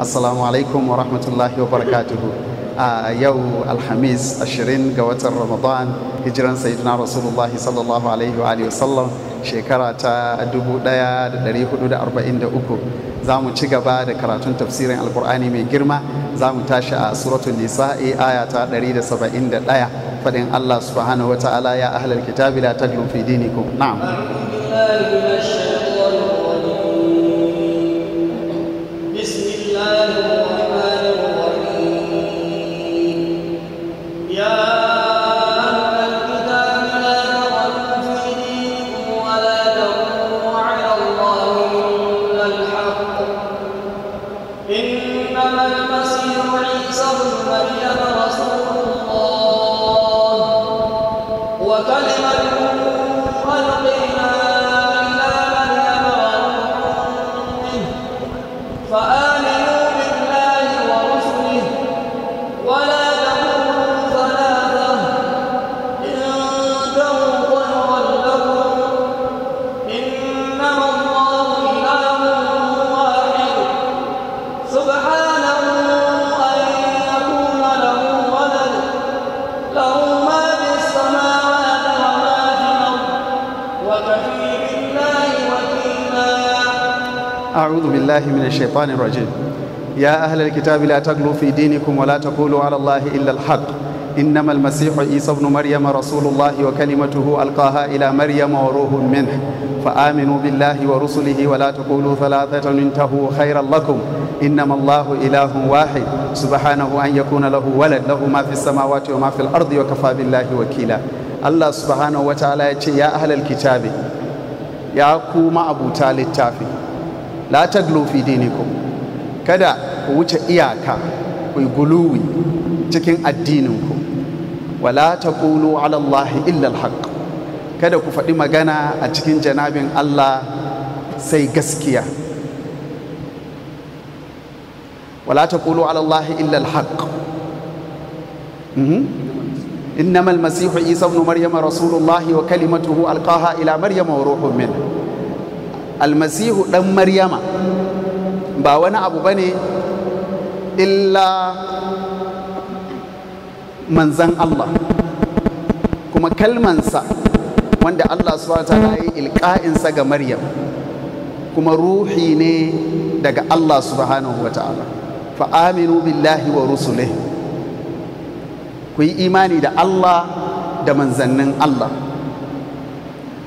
assalamu alaikum wa rahmatullahi wa barakatuhu a yau alhamis ashirin ga watan ramadan hijiran sayyidina rasulullahi sallallahu alaihi wa sallam shekara ta 1443 za mu ci gaba da karatun tafsirin alkur'ani mai girma za mu tashi a suratul nisa'i aya ta 171 fadin allah subhanahu wa ta'ala ya ahlal kitabi la taglu fi dinikum na'am أعوذ بالله من الشيطان الرجيم يا أهل الكتاب لا تغلوا في دينكم ولا تقولوا على الله إلا الحق إنما المسيح عيسى ابن مريم رسول الله وكلمته ألقاها إلى مريم وروح منه فآمنوا بالله ورسله ولا تقولوا ثلاثة انتهوا خيرا لكم إنما الله إله واحد سبحانه أن يكون له ولد له ما في السماوات وما في الأرض وكفى بالله وكيلا الله سبحانه وتعالى يا أهل الكتاب يا كوما أبو تالي التافي la taglu fi dinikum kada ku wuce iyaka ku guluwi cikin addininku wala taqulu ala Allah illa alhaq kada ku faɗi magana a cikin janabin Allah sai gaskiya wala taqulu ala Allah illa alhaq إنما المسيح عيسى ابن مريم رسول الله وكلمته ألقاها إلى مريم وروح منه almasihu ɗan maryama ba wani abu ba ne illa manzan Allah kuma kalmansa wanda Allah subhanahu wa yi ilka'insa ga Maryam kuma ruhi ne daga Allah subhanahu wa ta'ala fa aminu billahi wa rusulih ku yi imani da Allah da manzannin Allah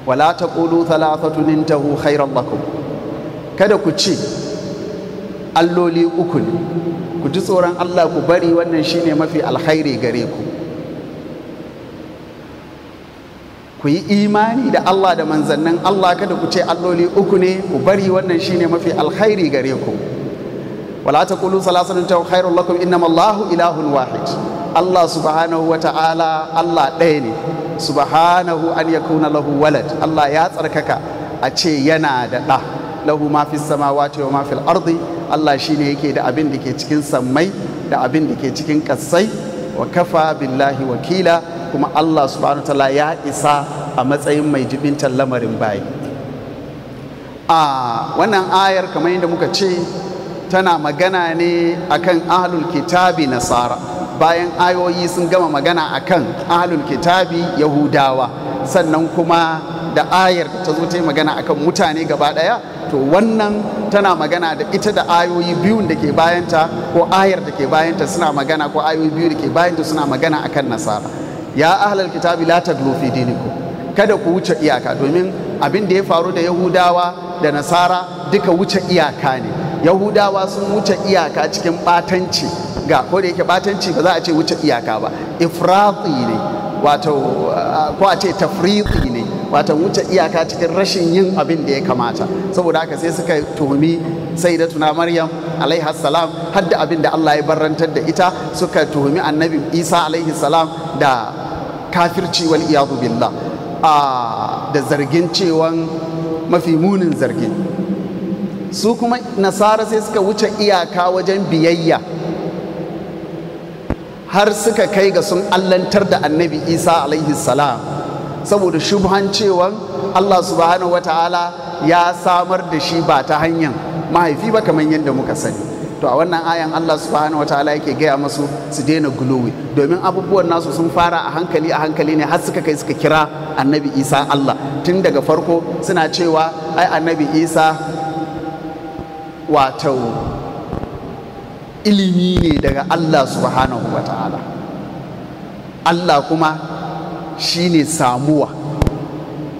wala taqulu thalathatun intahu hairan lakum kada ku ce alloli uku ne ku ji tsoron Allah ku bari wannan shine mafi alkhairi gare ku ku yi imani da Allah da manzannin Allah kada ku ce alloli uku ne ku bari wannan shine mafi alkhairi gare ku wala taqulu thalathatun intahu khairan lakum innamallahu ilahun wahid Allah subhanahu wa ta'ala Allah ɗaya ne subhanahu an ya kuna lahu walad Allah ya tsarkaka a ce yana da ɗa lahu ma fi samawati wa ma fil ardi Allah shine yake da abin da ke cikin sammai da abin da ke cikin kassai wa kafa billahi wakila kuma Allah subhanahu wa ya isa a matsayin mai jibintar lamarin bayi a wannan ayar kamar yadda muka ce tana magana ne akan ahlul kitabi nasara bayan ayoyi sun gama magana akan ahlul kitabi yahudawa sannan kuma da ayar ta zo ta yi magana akan mutane gaba daya to wannan tana magana da ita da ayoyi biyun da ke bayanta ko ayar da ke bayanta suna magana ko ayoyi biyu da ke bayanta suna magana akan nasara ya ahlul kitabi la taglu fi kada ku wuce iyaka domin abin da ya faru da yahudawa da nasara duka wuce iyaka ne yahudawa sun wuce iyaka cikin batanci ga ko da yake batanci ba za a ce wuce iyaka ba ifrati ne wato ko a ce tafriti ne wato wuce iyaka cikin rashin yin abin da ya kamata saboda haka sai suka tuhumi Tuna maryam alaihi salam har da abin da Allah ya barantar da ita suka tuhumi annabi isa alaihi salam da kafirci wal iyadu billah ah, da zargin cewan mafi munin zargin su kuma nasara sai suka wuce iyaka wajen biyayya har suka kai ga sun allantar da annabi isa alaihi salam saboda shubhan cewa allah subhanahu ta'ala ya samar da shi ba ta hanyar mahaifi ba kamar yadda muka sani to a wannan ayan allah subhanahu ta'ala yake gaya masu su daina gulowi domin abubuwan nasu sun fara a hankali a hankali ne har suka kai suka kira annabi isa allah tun daga farko suna cewa ai annabi isa wato ilimi ne daga Allah subhanahu wa ta'ala Allah kuma shi ne samuwa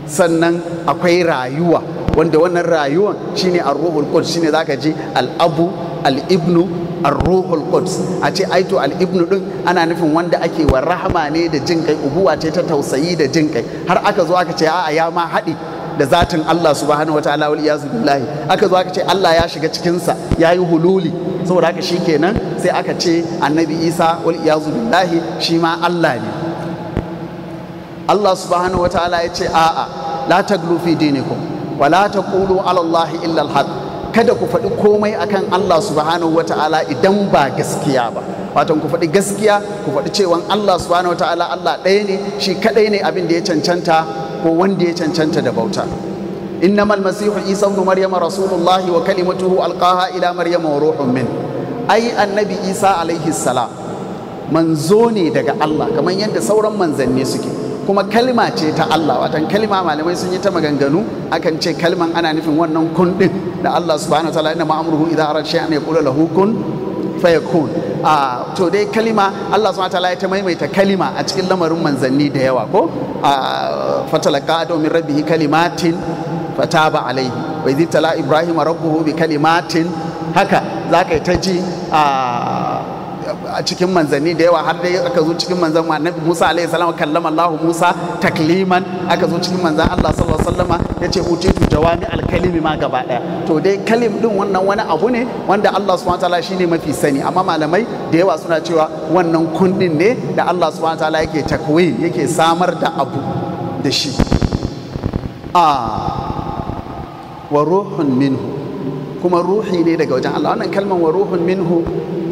sannan akwai rayuwa wanda wannan rayuwan shine ar-ruhul quds shine zaka za al ji al-ibnu ar-ruhul quds a ce aito al-ibnu din ana nufin wanda ake wa rahama ne da jin kai ubuwa ce ta tausayi da jinkai har aka zo aka ce a'a ya ma haɗi da zatin Allah subhanahu wataala wal iyazu billahi aka zo aka ce Allah ya shiga cikin sa yayi hululi saboda haka kenan sai aka ce annabi Isa wal iyazu billahi shi ma Allah ne Allah subhanahu wataala ya ce a'a la taglu fi dinikum wa la taqulu ala Allah illa al-haq kada ku faɗi komai akan Allah subhanahu wataala idan ba gaskiya ba watan ku faɗi gaskiya ku faɗi cewa Allah subhanahu wataala Allah ɗaya ne shi kaɗai ne abin da ya cancanta ko wanda ya cancanta da bauta mal masihu isa ibn maryama rasulullahi wa kalimatuhu alqaha ila maryama wa ruhun min ai annabi isa alaihi salam manzo ne daga Allah kamar yadda sauran manzanni suke kuma kalma ce ta Allah watan kalma malamai sun yi ta maganganu akan ce kalman ana nufin wannan kun da Allah subhanahu wa ta'ala inna ma'amruhu idza arada shay'an yaqulu lahu kun fayakun ah, to dai kalima Allah subhanahu ya ta maimaita kalima a cikin lamarin manzanni da yawa ko a ah, fatalaka domin min rabbihi kalimatin fataba alaihi wa idh tala ibrahim rabbuhu bi kalimatin haka zaka ta ji ah, a cikin manzanni da yawa har dai aka zo cikin manzan annabi Musa alayhi salam kallama Allahu Musa takliman aka zo cikin manzan Allah sallallahu alaihi wasallama yace utitu jawami alkalimi ma gaba daya to dai kalim din wannan wani abu ne wanda Allah subhanahu wataala shine mafi sani amma malamai da yawa suna cewa wannan kundin ne da Allah subhanahu wataala yake takwin yake samar da abu da shi a ah, wa ruhun minhu kuma ruhi ne daga wajen Allah wannan kalman wa ruhun minhu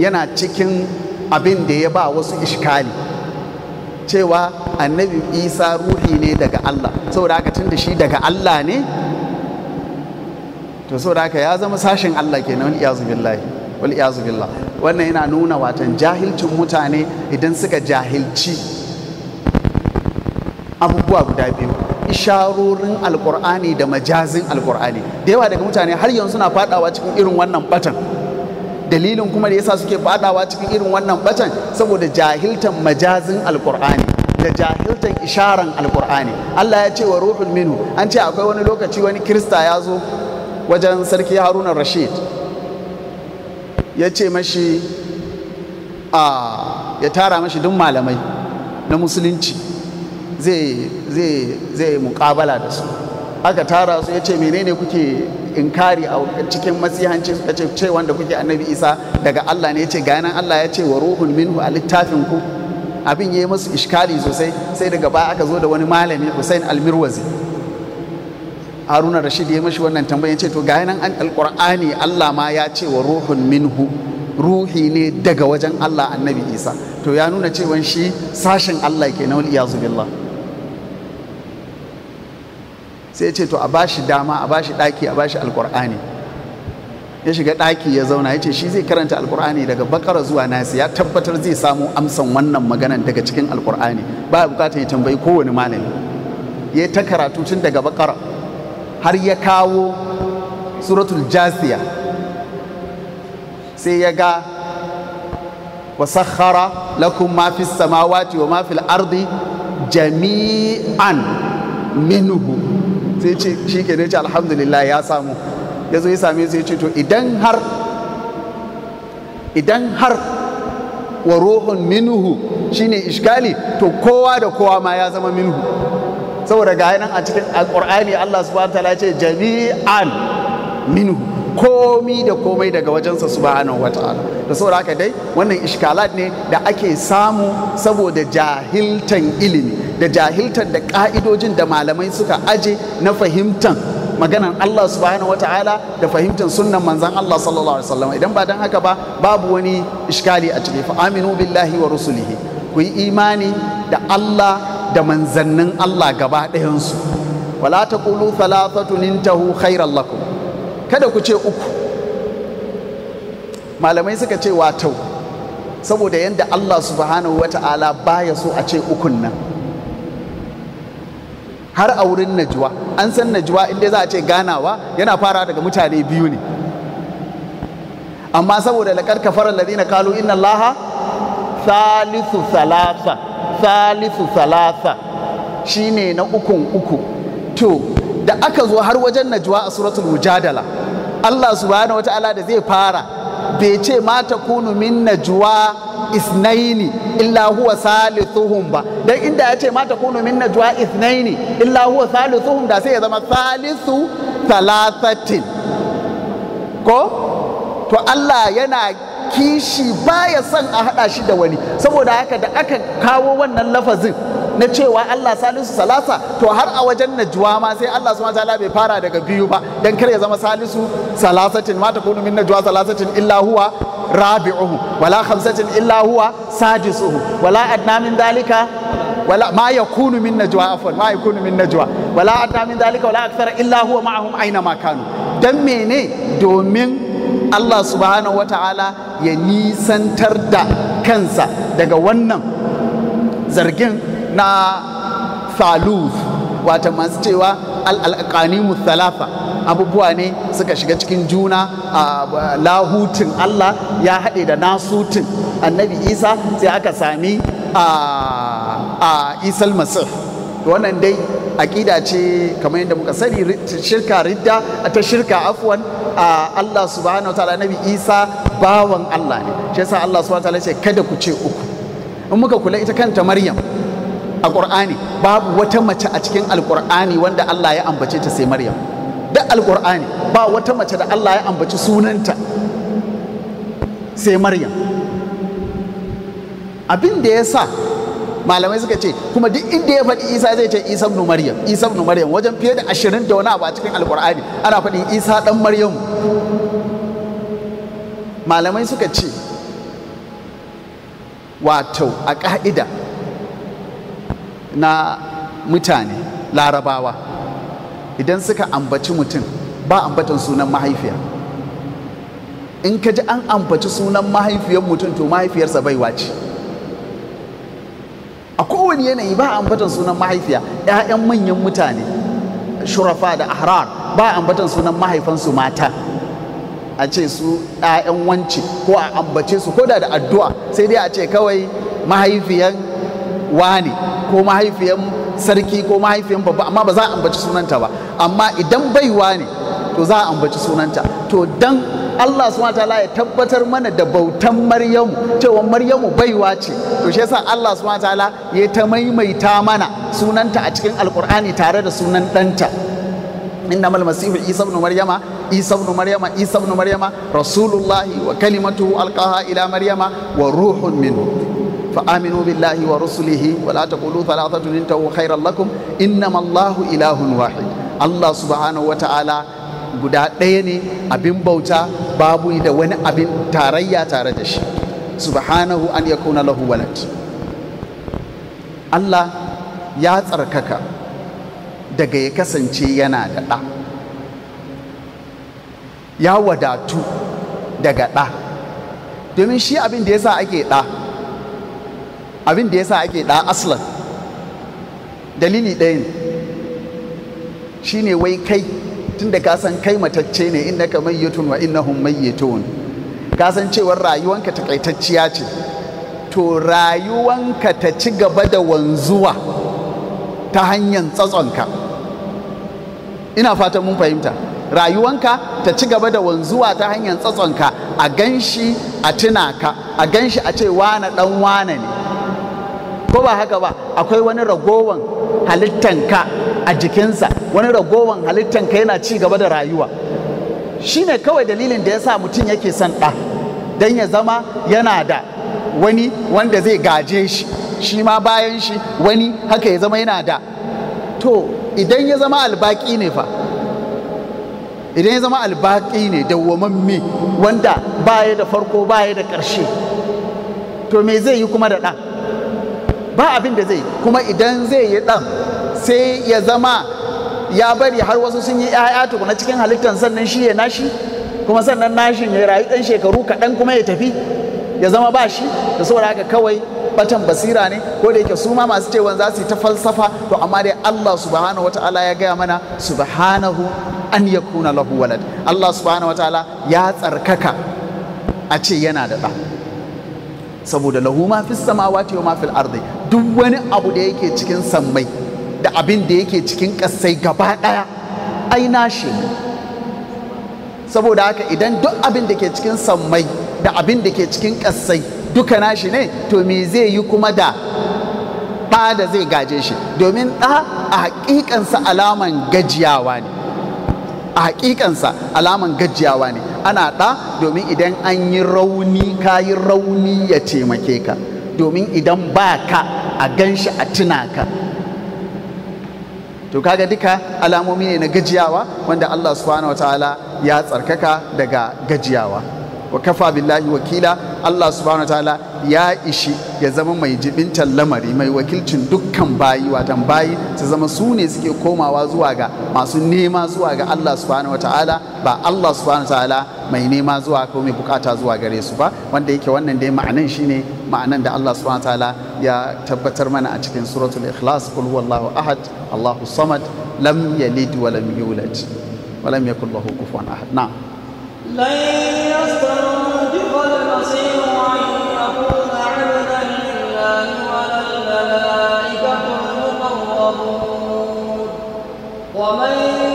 yana cikin abin da ya ba wasu ishkali cewa annabi isa ruhi ne daga Allah saboda haka tun da shi daga Allah ne to saboda haka ya zama sashin Allah kenan wal iyazu billahi wal iyazu billah wannan yana nuna watan jahilcin mutane idan suka jahilci abubuwa guda biyu isharorin alkur'ani da majazin alkur'ani da yawa daga mutane har yanzu suna fadawa cikin irin wannan batan dalilin kuma da yasa suke fadawa cikin irin wannan batan saboda jahiltan majazin alkur'ani da jahiltan isharan alkur'ani Allah ya ce wa ruhul minu an ce akwai wani lokaci wani kirista ya zo wajen sarki haruna rashid ya ce mashi ah, ya tara mashi duk malamai na musulunci zai mukabala da su aka tara su ya ce menene kuke inkari a cikin masihanci suka ce ce wanda kuke annabi isa daga allah ne ya ce ganin allah ya ce wa ruhun minhu a littafin ku abin ya yi musu ishkali sosai sai daga baya aka zo da wani malami hussein almirwazi haruna rashid ya mashi wannan tambayin ce to ga an alkur'ani allah ma ya ce wa ruhun minhu ruhi ne daga wajen allah annabi isa to ya nuna cewa shi sashen allah ke na wani iyazu billah sai ya ce to a ba shi dama a ba shi ɗaki a ba shi alkur'ani ya shiga ɗaki ya zauna ya ce shi zai karanta alkur'ani daga bakara zuwa nasi ya tabbatar zai samu amsan wannan maganan daga cikin alkur'ani ba bukatar ya tambayi kowane malami ya ta karatu tun daga bakara har ya kawo suratul jasiya sai ya ga wa sakhara lakum ma fi samawati wa ma fil jami'an minhu sai ce shi ke ce alhamdulillah ya samu ya zo ya same su ce to idan har idan har wa ruhun minhu shine ishkali to kowa da kowa ma ya zama minhu saboda ga nan a cikin Alƙur'ani Allah subhanahu wa ta'ala ce jami'an minhu komi da komai daga wajensa wata wata'ala da saboda haka dai wannan ishkalat ne da ake samu saboda jahiltan ilimi da jahiltan da ka'idojin da malamai suka aje na fahimtan maganan Allah subhanahu ala da fahimtan sunnan manzan Allah sallallahu alaihi wasallam idan ba dan haka ba babu wani iskali a ciki fa aminu billahi wa rusulihi ku yi imani da Allah da manzannin Allah gaba ɗayansu wala taqulu thalathatun intahu khairan lakum kada ku ce uku malamai suka ce wato saboda yadda Allah subhanahu wa ta'ala baya so a ce ukun nan har a wurin najuwa an san najuwa inda za a ce ganawa yana fara daga mutane biyu ne amma saboda laƙar kafarar ladina kalu inna laha, salisu salasa salisu salasa shine na ukun uku to da aka zo har wajen najuwa a suratul mujadala Allah subhanahu wataala da zai fara bai ce mata kunu min najwa isnaini illa huwa salithuhum ba dan inda ya ce mata kunu min najwa isnaini illa huwa salithuhum da sai ya zama salisu thalathatin ko to Allah yana kishi baya son a hada shi da wani saboda haka da aka kawo wannan lafazin na cewa Allah salisu salasa to har a wajen najuwa ma sai Allah su wataala bai fara daga biyu ba dan kar ya zama salisu salasatin ma kunu min najuwa salasatin illa huwa rabi'uhu wala khamsatin illa huwa sadisuhu wala adna min dalika wala ma yakunu min najwa afwan ma yakunu min najwa wala adna min dalika wala akthara illa huwa ma'ahum aina ma kanu dan mene domin Allah subhanahu wa ta'ala ya nisantar da kansa daga wannan zargin na thaluz wata masu cewa al'alƙani musalafa abubuwa ne suka shiga cikin juna a lahutin Allah ya haɗe da nasutin annabi isa sai aka sami a isal masir wannan dai aƙida ce kamar yadda muka sani shirka ridda ta shirka afuwan Allah subhanahu wa ta'ala nabi isa bawan Allah ne shi yasa Allah subhanahu wa ta'ala ce kada ku ce uku in muka kula ita kanta maryam a ƙur'ani babu wata mace a cikin alƙur'ani wanda Allah ya ambace ta sai Maryam da alƙur'ani ba wata mace da Allah ya ambaci sunanta sai Maryam abin da ya sa malamai suka ce kuma duk inda ya faɗi Isa zai ce Isa ibn Maryam Isa ibn Maryam wajen fiye da ashirin da wani abu a cikin alƙur'ani ana faɗi Isa ɗan Maryam malamai suka ce wato a ƙa'ida na mutane larabawa idan suka ambaci mutum ba ambatan sunan mahaifiya in ka ji an ambaci sunan mahaifiyar mutum to mahaifiyarsa baiwa ce a kowane yanayi ba ambatan sunan mahaifiya 'ya'yan manyan mutane shurafa da ahrar ba ambatan sunan mahaifansu mata a ce su 'ya'yan wance ko a ambace su ko da da addu'a sai dai a ce kawai mahaifiyan wane ko mahaifiyan sarki ko mahaifiyan babba amma ba za a ambaci sunanta ba amma idan baiwa ne to za a ambaci sunanta to dan Allah subhanahu wataala ya tabbatar mana da bautan Maryamu cewa Maryamu baiwa ce to shi yasa Allah subhanahu wataala ya ta maimaita mana sunanta a cikin Alkur'ani tare da sunan ɗanta innamal masihu isa ibn maryama isa ibn maryama isa ibn maryama rasulullahi wa kalimatuhu alqaha ila maryama wa ruhun minhu فآمنوا بالله ورسله ولا تقولوا ثلاثة انتهوا خيرا لكم إنما الله إله واحد الله سبحانه وتعالى guda ɗaya ne abin bauta babu da wani abin tarayya tare da shi subhanahu an yakuna lahu walad Allah ya tsarkaka daga ya kasance yana da ɗa ya wadatu daga ɗa domin shi abin da yasa ake ɗa abin da ya sa ake ɗa aslan dalili ɗaya ne. Shi ne wai kai da ka san kai matacce ne innaka mayyitun wa innahum mayyitun ka san cewar rayuwanka taƙaitacciya ce to rayuwanka ta ci gaba da wanzuwa ta hanyar tsatsonka ina fatan mun fahimta rayuwanka ta ci gaba da wanzuwa ta hanyar tsatsonka a ganshi a tuna ka a ganshi a ce wane ɗan wane ne ko ba haka ba akwai wani ragowan halittanka a jikinsa wani ragowan halittanka yana ci gaba da rayuwa shine kawai dalilin da ya sa mutum yake son ɗa don ya zama yana da wani wanda zai gaje shi shi ma bayan shi wani haka ya zama yana da to idan ya zama albaki ne fa idan ya zama albaki ne dawwamamme wanda baya da farko baya da ƙarshe to me zai yi kuma da ɗan ba abin da zai kuma idan zai yi ɗan sai ya zama ya bari har wasu sun yi 'ya'ya tukuna cikin halittar sannan shi ya nashi kuma sannan nashin ya rayu ɗan shekaru kaɗan kuma ya tafi ya zama ba shi da saboda haka kawai batan basira ne ko da yake su ma masu cewa za su yi ta falsafa to amma dai Allah subhanahu wataala ya gaya mana subhanahu an yakuna lahu walad Allah subhanahu wataala ya tsarkaka a ce yana da ɗa saboda lahu ma fi samawati wa ma fil ardi duk wani abu da yake cikin sammai da abin da yake cikin ƙasai gaba ɗaya ai nashi saboda haka idan duk abin da ke cikin sammai da abin da ke cikin ƙasai duka nashi ne to me zai yi kuma da ba da zai gaje shi domin ɗa a haƙiƙansa alaman gajiyawa ne a haƙiƙansa alaman gajiyawa ne ana ɗa domin idan an yi rauni ka yi rauni ya taimake ka domin idan ba ka a gan shi a tuna ka to kaga duka alamomi ne na gajiyawa wanda Allah subhanahu wataala ya tsarkaka daga gajiyawa wa kafa billahi wakila Allah subhanahu wataala ya ishi ya zama mai jibintan lamari mai wakilcin dukkan bayi watan bayi su zama su ne suke komawa zuwa ga masu nema zuwa ga Allah subhanahu wataala ba Allah subhanahu ta'ala mai nema zuwa ko mai bukata zuwa gare su ba wanda yake wannan dai ma'anan shine ma'anan da Allah subhanahu ta'ala ya tabbatar mana a cikin suratul ikhlas qul huwallahu ahad Allahu samad lam yalid wa lam yulad wa lam yakul lahu kufuwan ahad na'am lan wa yakuna 'abdan lillahi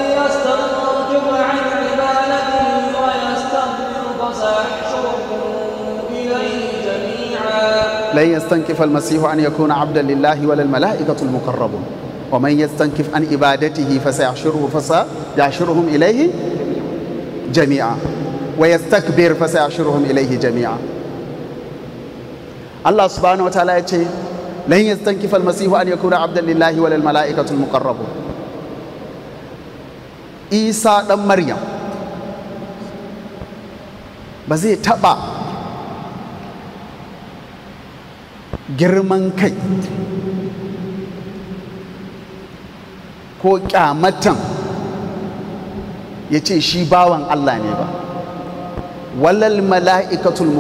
لن يستنكف المسيح أن يكون عبدا لله ولا الملائكة المقربون ومن يستنكف عن عبادته فسيحشره فسيحشرهم إليه جميعا ويستكبر فسيحشرهم إليه جميعا الله سبحانه وتعالى يقول لن يستنكف المسيح أن يكون عبدا لله ولا الملائكة المقربون إيسى دم مريم ba zai taɓa girman kai ko ƙyamatan ya ce shi bawan Allah ne ba walal mala'ikatul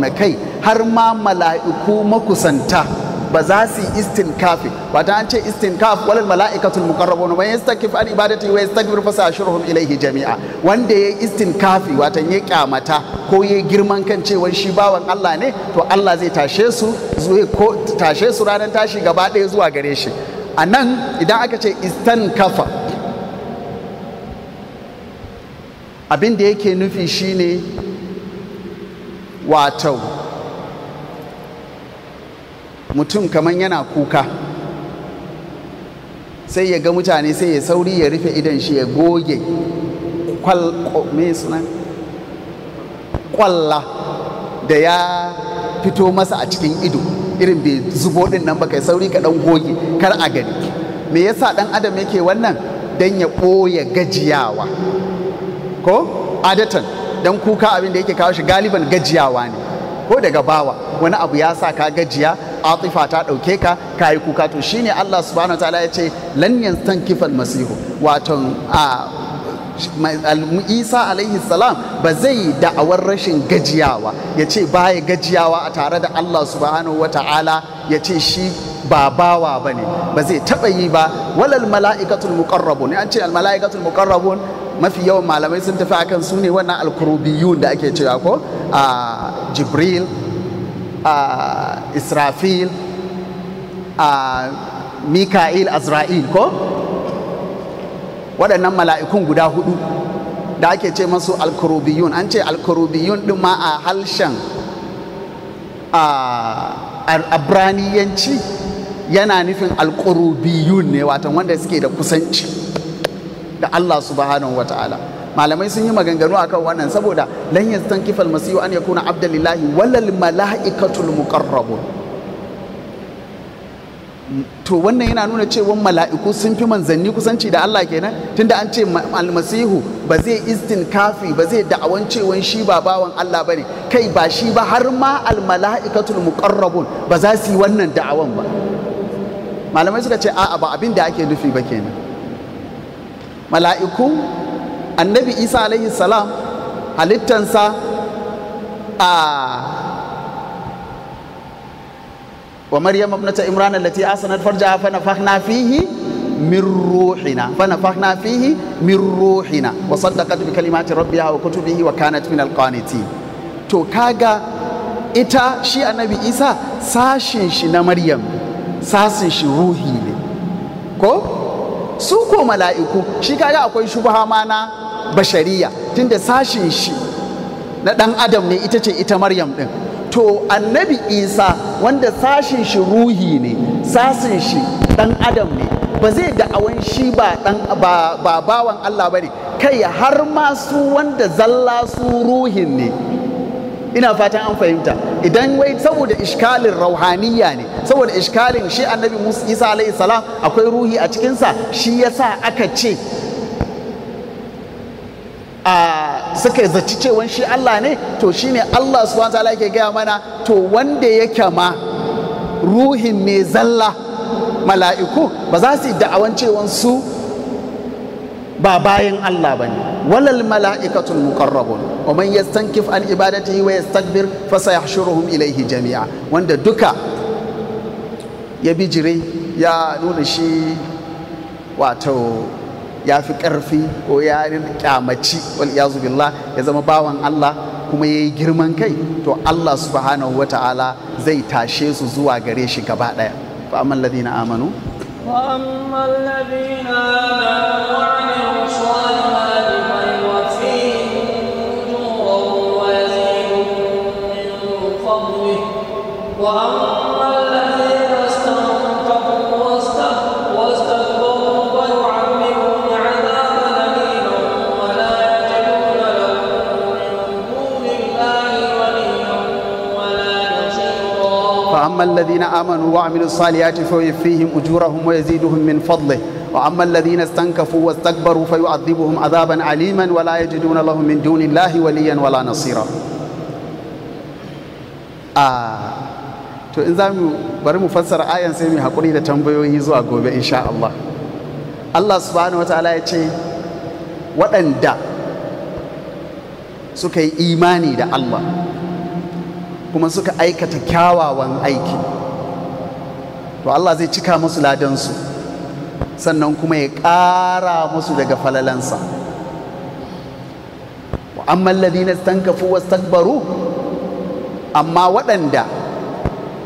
na kai har ma mala'iku makusanta ba za su yi istinkafi ba ta an ce kafi walil mala'ikatul muqarrabun wa yastakif an ibadati wa yastakbir fa sa'shuruhum ilaihi jami'a wanda yayi kafi watan ya kyamata ko ya girman kan cewa shi bawan Allah ne to Allah zai tashe su zuwa ko tashe su ranar tashi gaba ɗaya zuwa gare shi a nan idan aka ce kafa abin da yake nufi shine wato mutum kamar yana kuka sai ya ga mutane sai ya sauri ya rufe idan shi ya goge kwalla da ya fito masa a cikin ido irin bai zubo din nan ba kai sauri ka dan goge kar a gani me yasa dan adam yake wannan dan ya ɓoye gajiyawa ko adatan dan kuka abin da yake kawo shi galiban gajiyawa ne ko daga bawa wani abu ya sa ka gajiya atifa ta ɗauke ka ka yi kuka to shine Allah subhanahu wa ta'ala ya ce lan kifal masihu waton a isa alaihi salam ba zai da'awar rashin gajiyawa ya ce baya gajiyawa a tare da allah subhanahu wa ta'ala ya ce shi ba bawa ba ne ba zai taɓa yi ba walal mala'ikatul muqarrabun an ce al mala'ikatul muqarrabun mafi yawan malamai sun tafi akan su ne wannan alkurubiyun da ake cewa ko a jibril a israfil a mika'il azra'il ko waɗannan mala'ikun guda hudu da ake ce masu alkurubiyun an ce alkurubiyun ɗin ma a halshen a abraniyanci yana nufin alkurubiyun ne watan wanda suke da kusanci da allah subhanahu wa ta'ala malamai sun yi maganganu akan wannan saboda lan yastankifa almasihu an yakuna Abdullahi, walal malaikatul muqarrabun to wannan yana nuna cewa mala'iku sun fi manzanni kusanci da Allah kenan tunda an ce almasihu ba zai kafi ba zai da'awan cewan shi ba bawan Allah bane kai ba shi ba har ma almala'ikatul muqarrabun ba za su yi wannan da'awan ba malamai suka ce a'a ba abin da ake nufi ba kenan mala'iku annabi isa alaihi salam halittansa a wa maryam ibnata imran allati asanat farja fa nafakhna fihi min ruhina fa nafakhna fihi min ruhina wa saddaqat bi kalimati rabbiha wa kutubihi wa kanat min to kaga ita shi annabi isa sashin shi na maryam sashin shi ruhi ne ko su ko mala'iku shi kaga akwai shubha ma na bashariya tunda sashin shi na dan adam ne ita ce ita maryam din to annabi isa wanda sashin shi ruhi ne sashin shi dan adam ne ba zai da'awan shi ba dan ba bawan Allah bane kai har ma su wanda zalla su ruhin ne ina fatan an fahimta idan wai saboda iskalin rauhaniya ne saboda iskalin shi annabi musa isa alaihi salam akwai ruhi a cikinsa shi ya sa aka ce a suka zaci cewan shi Allah ne to shi ne Allah subhanahu ta'ala yake gaya mana to wanda ya kyama ruhin mai zalla mala'iku ba za su yi da'awan cewan su ba bayan Allah ba ne walal mala'ikatul muqarrabun wa man yastankif an ibadatihi wa yastakbir fa sayahshuruhum ilaihi jami'a wanda duka ya bijire ya nuna shi wato ya fi ƙarfi ko ya kyamaci wal iyazu billah ya zama bawan Allah kuma ya yi girman kai to Allah subhanahu wa ta'ala zai tashe su zuwa gare shi gaba ɗaya fa amman ladina amanu وأما الذين آمنوا وعملوا الصالحات فيوفيهم أجورهم ويزيدهم من فضله وأما واما الذين امنوا وعملوا الصالحات فيوفيهم اجورهم ويزيدهم من فضله واما الذين استنكفوا واستكبروا فيعذبهم عذابا عليما ولا يجدون لهم من دون الله وليا ولا نصيرا آه. to in za mu bari mu fassara ayan sai mu haƙuri da tambayoyi zuwa gobe insha Allah Allah subhanahu wataala ya ce waɗanda suka yi imani da Allah kuma suka aikata kyawawan aiki to Allah zai cika musu ladansu sannan kuma ya ƙara musu daga falalansa wa amman ladina stankafu wastakbaru amma waɗanda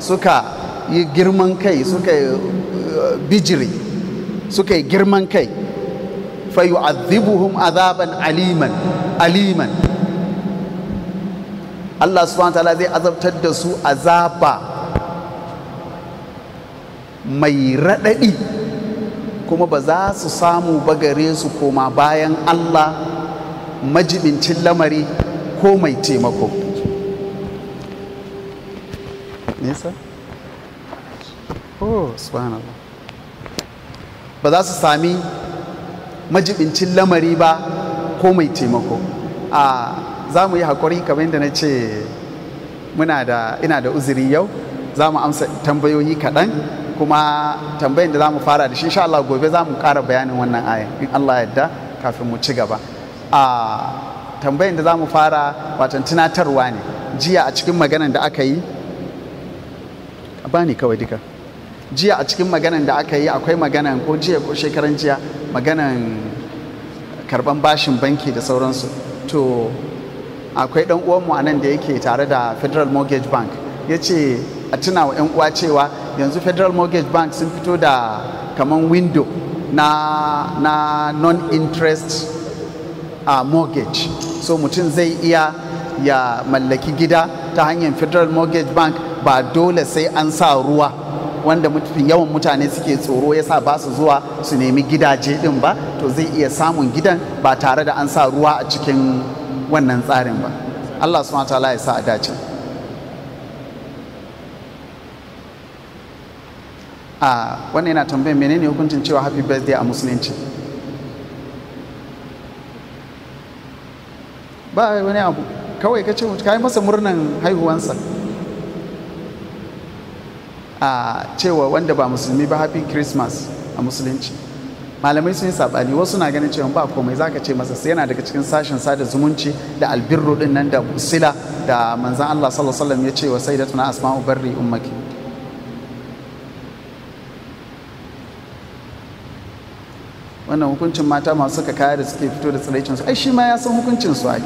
suka yi girman kai suka yi eh, bijiri suka yi girman kai fayu'adhibuhum azaban aliman aliman Allah subhanahu ta'ala zai azabtar da su azaba mai raɗaɗi kuma ba za su samu ba gare su koma bayan Allah majibincin lamari ko mai taimako nisa? oh subhanallah ba za su sami majibincin lamari ba ko mai taimako a ah, za mu yi haƙuri kamar yadda na ce muna da ina da uzuri yau za mu amsa tambayoyi kaɗan kuma tambayin da za mu fara da shi insha Allah gobe za mu ƙara bayanin wannan aya in Allah yadda kafin mu ci gaba a tambayin da za mu fara watan tunatarwa ne jiya a cikin maganan da aka yi bani kawai duka jiya a cikin maganan da aka yi akwai maganan ko jiya ko shekaran jiya maganan karban bashin banki da sauransu to akwai dan uwanmu a nan da yake tare da federal mortgage bank ya ce a tuna wa 'yan uwa cewa yanzu federal mortgage bank sun fito da kaman window na, na non-interest uh, mortgage so mutum zai iya ya mallaki gida ta hanyar federal mortgage bank ba dole sai an sa ruwa wanda mutufin yawan mutane suke tsoro ya sa ba su zuwa su nemi gidaje din ba to zai iya samun gidan ba tare da an sa ruwa a cikin wannan tsarin ba Allah suna ta ya sa a dace a wannan yana tambayar menene hukuncin cewa happy birthday a musulunci ba wani abu kawai ka ce ka yi masa murnan haihuwansa a cewa wanda ba musulmi ba happy christmas a musulunci malamai sun yi sabani wasu na ganin cewa ba komai zaka ce masa sai yana daga cikin sashen sada zumunci da albirru din nan da sila da manzon Allah sallallahu alaihi wasallam ya ce wa sayyidatuna asma'u barri ummaki wannan hukuncin mata masu suka kaya da suke fito da tsiraicin su ai shi ma ya san hukuncin su ai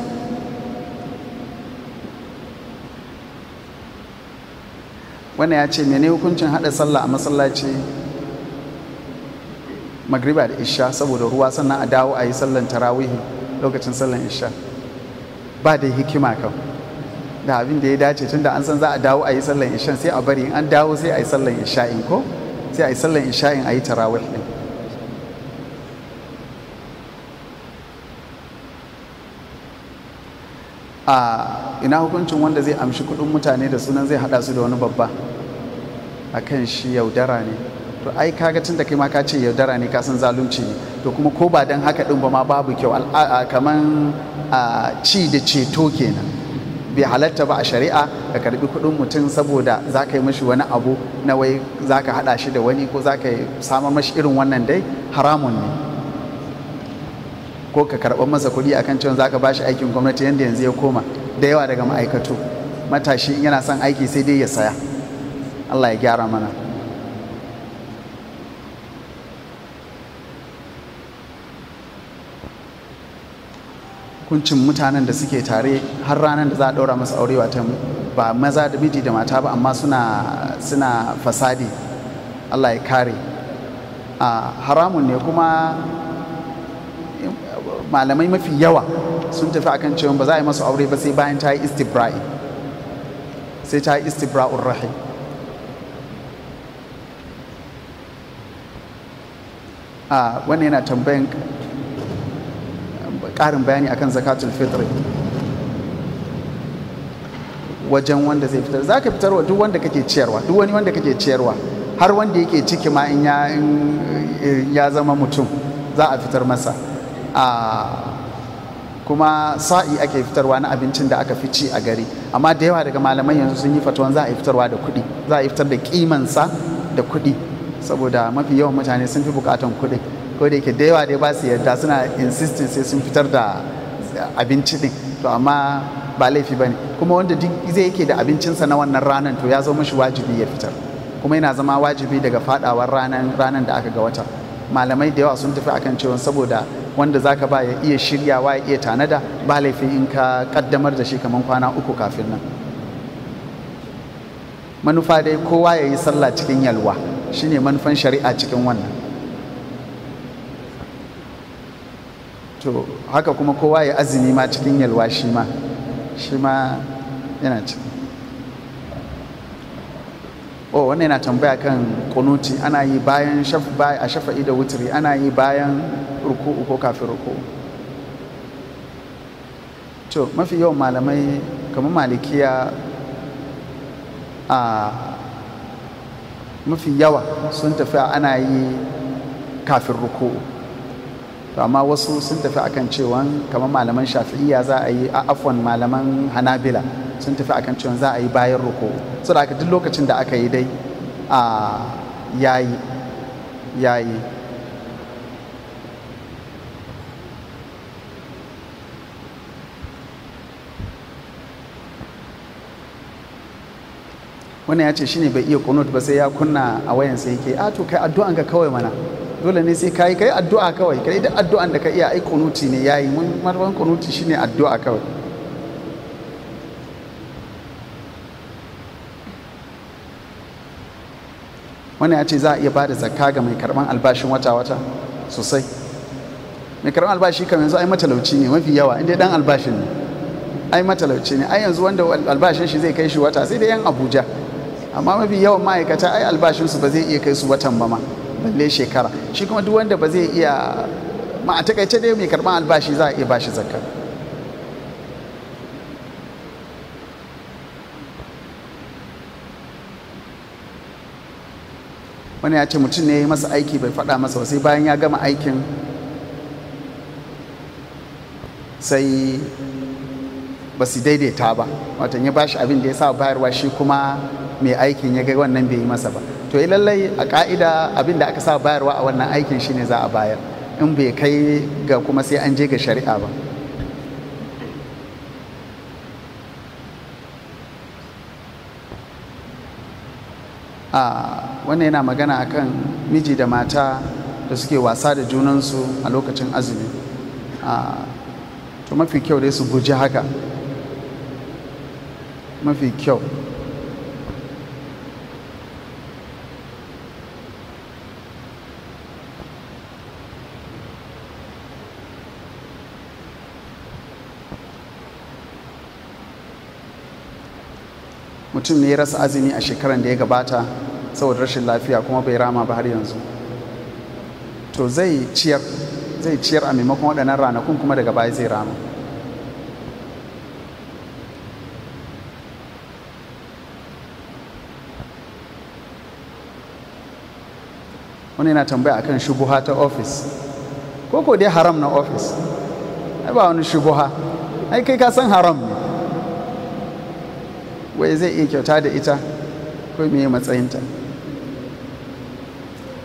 wannan ya ce mene hukuncin hada sallah a masallaci magriba da isha saboda ruwa sannan a dawo a yi sallan tarawihi lokacin sallan isha ba da hikima kan da abin da ya dace tunda an san za a dawo a yi sallan isha sai a bari an dawo sai a yi sallan isha'in ko sai a yi sallan isha'in a yi tarawihi din a ina hukuncin wanda zai amshi kudin mutane da sunan zai hada su da wani babba akan shi yaudara ne to ai kaga tun da kai ma ka ce yaudara ne kasan zalunci ne to kuma ko ba don haka din ba ma babu kyau kaman ci da ceto kenan bai halatta ba a shari'a ka karbi kuɗin mutum saboda za ka yi mashi wani abu na wai za ka haɗa shi da wani ko za ka samar mashi irin wannan dai haramun ne ko ka karɓar masa kuɗi kan cewa za ka ba shi aikin gwamnati yadda yanzu ya koma da yawa daga ma'aikatu matashi yana son aiki sai dai ya saya Allah ya gyara mana hukuncin mutanen da suke tare har ranar da za a ɗaura masa aure wata ba maza da miji da mata ba amma suna suna fasadi Allah ya kare a haramun ne kuma malamai mafi yawa sun tafi akan cewa ba za a yi masa aure ba sai bayan ta yi istibra'i sai ta yi istibra'ur rahim a yana tambayan ƙarin bayani akan zakatul fitr wajen wanda zai fitar za ka fitarwa duk wanda kake ciyarwa duk wani wanda kake ciyarwa har wanda yake ciki ma in ya zama mutum za a fitar masa kuma sa'i ake fitarwa na abincin da aka fi ci a gari amma da yawa daga malamai yanzu sun yi fatuwan za a yi fitarwa da kuɗi za a yi fitar da kimansa da kuɗi saboda mafi yawan mutane sun fi bukatan kuɗi ko da yake da yawa dai ba su yadda suna insisting sai sun fitar da abinci din to amma ba laifi ba ne. kuma wanda zai yake da abincinsa na wannan ranar to ya zo mashi wajibi ya fitar kuma yana zama wajibi daga fadawar ranar ranan da aka ga wata malamai da yawa sun tafi akan cewa saboda wanda zaka ba ya iya shiryawa ya iya tanada ba laifi in ka kaddamar da shi kaman kwana uku kafin nan manufa dai kowa ya yi sallah cikin yalwa shine manufan shari'a cikin wannan to haka kuma kowa ya azumi ma cikin yalwa shi ma shi ma yana ciki oh wannan yana tambaya kan kunuti ana yi bayan a shafa'i da wuturi ana yi bayan ruku'u ko kafin ruku'u to mafi yawan malamai kamar malikiya a mafi yawa sun tafi ana yi kafin ruku'u to amma wasu sun tafi akan cewa kamar malaman shafi'iyya za a yi afwan malaman hanabila sun tafi akan cewa za a yi bayan ruku da aka duk lokacin da aka yi dai a yayi yayi wannan ya ce shi ne bai iya kunut ba sai ya kunna a wayansa yake a to kai addu'an ga kawai mana dole ne sai kayi. kai addu'a kawai kai duk addu'an da ka iya ai kunuti ne yayi mun marwan kunuti shine addu'a kawai wannan ya ce za a iya bada zakka ga mai karban albashin wata-wata sosai mai karban albashi kan yanzu ai matalauci ne mafi yawa inda dan albashin ne ai matalauci ne ai yanzu wanda albashin shi zai kai shi wata sai da yan abuja amma mafi yawan ma'aikata ai albashin su ba zai iya kai su watan ba ma balle shekara shi kuma duk wanda ba zai iya ma a takaice dai mai karban albashi za a iya bashi zakka wani ya ce mutum ne ya yi masa aiki bai faɗa masa sai bayan ya gama aikin sai ba su daidaita ba watan ya bashi abin da ya sa bayarwa shi kuma mai aikin ya ga wannan bai yi masa ba to yi eh, lallai a ka'ida abin da aka sa bayarwa a wannan aikin shine za a bayar in bai kai ga kuma sai an je ga shari'a ba a wannan yana magana a kan miji da mata da suke wasa da junansu a lokacin azumi to mafi kyau dai su guji haka mafi kyau mutum ne ya rasa azumi a shekaran da ya gabata saboda rashin lafiya kuma bai rama ba har yanzu to zai ciyar a maimakon waɗannan ranakun kuma daga baya zai rama wani yana tambaya akan shubuha ta ofis ko ko dai haram na ofis ai ba wani shubuha ai kai ka san haram ne wai zai iya kyauta da ita ko me matsayinta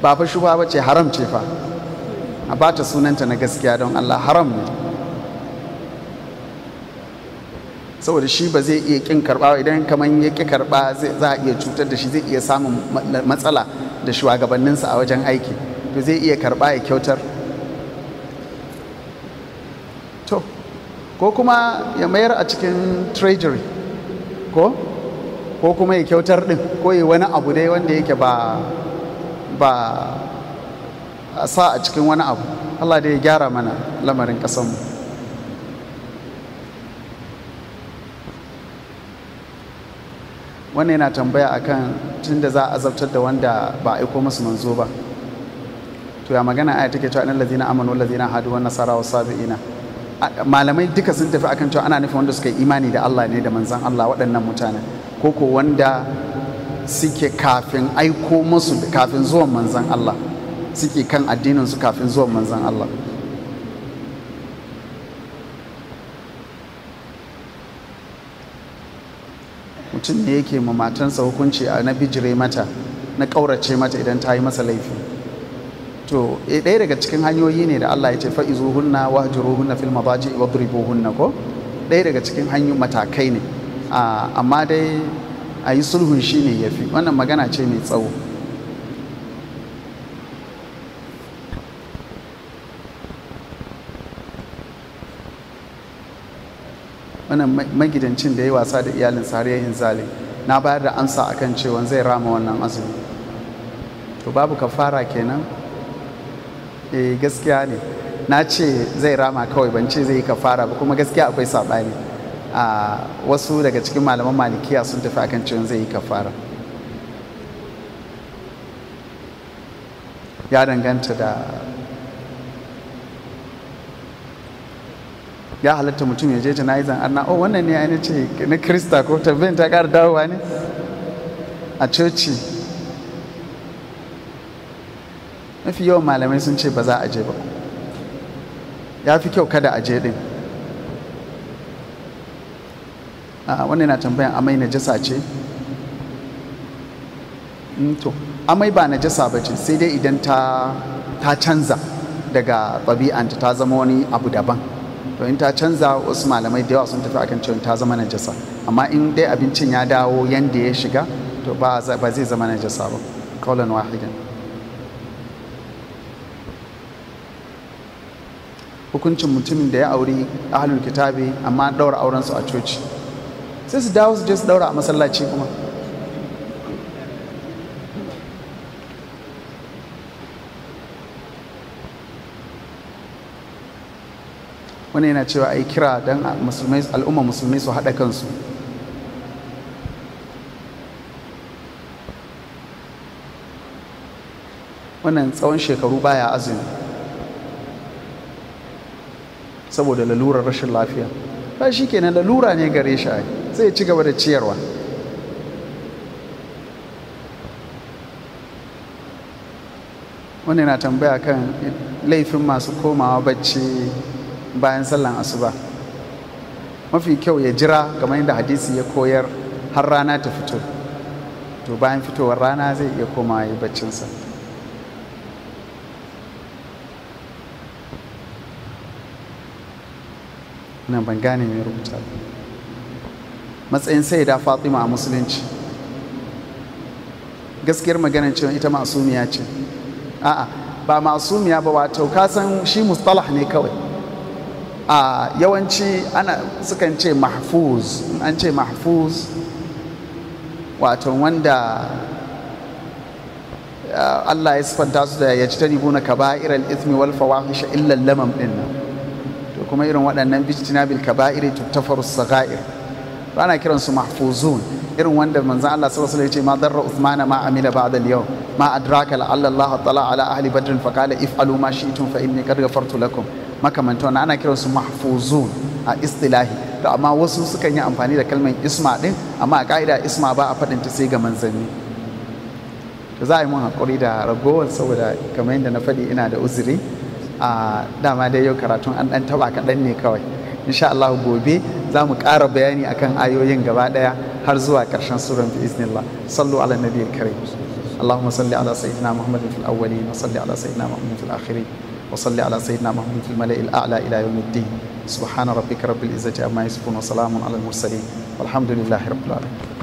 ba fa ba ce haram ce fa a ba ta sunanta na gaskiya don Allah haram ne saboda shi ba zai iya kin karba idan kamar ya ki karba za a iya cutar da shi zai iya samun matsala da shugabanninsa a wajen aiki to zai iya karba ya kyautar to ko kuma ya mayar a cikin treasury ko ko kuma ya kyautar ɗin? ko ya wani abu dai wanda yake ba ba sa a cikin wani abu Allah dai ya gyara mana lamarin kasanmu wannan yana tambaya akan da za a azabtar da wanda ba aiko masu manzo ba to ya magana aya take cewa innal ladina amanu wal ladina hadu wan nasara was sabiina malamai duka sun tafi akan cewa ana nufin wanda suka yi imani da Allah ne da manzan Allah waɗannan mutanen ko ko wanda suke kafin aiko musu kafin zuwan manzan Allah suke kan addinin su kafin zuwan manzan Allah mutum ne yake ma matansa hukunci na bijire mata na ƙaurace mata idan ta yi masa laifi to eh, ɗaya daga cikin hanyoyi ne da Allah ya ce fa'izu hunna wa hunna fil mabaji wa duribu hunna ko ɗaya daga cikin hanyoyi matakai ne amma dai a yi sulhun shi ne ya fi wannan magana ce mai tsawo wannan magidancin da ya wasa da iyalin sariyayin zali na bayar da amsa akan cewa zai rama wannan azumi to babu kafara kenan E gaskiya ne na ce zai rama kawai ban ce zai yi fara ba kuma gaskiya akwai saɓani a ah, wasu daga cikin malaman malikiya sun tafi akan cewa zai yi fara. ya danganta da ya halatta mutum ya je jana'izan arna oh wannan ne ya ce na krista ko tabbayin ta kara dawowa ne a coci mafi yawan malamai sun ce ba za a je ba ya fi kyau kada a je din wannan na tambayan amai na jasa ce mm, to amai ba na jasa ba ce sai dai idan ta canza daga ɗabi'anta ta zama wani abu daban to in ta canza wasu malamai da yawa sun tafi akan cewa ta zama najasa amma in dai abincin ya dawo yanda ya shiga to ba zai zama najasa ba kaulan wahidin hukuncin mutumin da ya auri halin kitabi amma daura auren su a coci sai su dawo su je su daura a masallaci kuma wani yana cewa yi kira don al'umma musulmai su haɗa kansu wannan tsawon shekaru baya azumi saboda lalurar rashin lafiya ba shi kenan lalura ne gare shi ai sai ci gaba da ciyarwa wani na tambaya kan laifin masu komawa bacci bayan sallan asuba mafi kyau ya jira game da hadisi ya koyar har rana ta fito to bayan fitowar rana zai iya komawa ya baccinsa nan ban mai rubuta matsayin sai da fatima a musulunci gaskiyar maganar cewa ita masumiya ce a'a ba masumiya ba wato ka san shi mustalah ne kawai a yawanci ana sukan ce mahfuz an ce mahfuz wato wanda eh, Allah ya sifanta su da ya ci ta nibu na irin ismi walfa wa illal lamam ɗin nan to kuma irin waɗannan bijtinabil kaba'iri tuttafaru sagair to ana kiran su mahfuzun irin wanda manzon Allah sallallahu alaihi wasallam ya ce ma darra usmana ma amila ba'da al-yawm ma adraka Allah tala ala ahli badr fa qala if'alu ma shi'tum fa inni qad ghafartu lakum wani ana kiran su mahfuzun a istilahi to amma wasu sukan yi amfani da kalmar isma din amma a ka'ida isma ba a faɗin ta sai ga manzanni za a yi mun haƙuri da ragowar saboda kamar yadda na faɗi ina da uzuri a dama dai yau karatun an dan taba kaɗan ne kawai insha Allah gobe za mu ƙara bayani akan ayoyin gaba ɗaya har zuwa ƙarshen suran bi iznillah sallu ala nabiyil karim اللهم صل على سيدنا محمد في الأولين وصل على سيدنا محمد في الآخرين وصل على سيدنا محمد في الملأ الأعلى إلى يوم الدين سبحان ربك رب العزة عما يصفون وسلام على المرسلين والحمد لله رب العالمين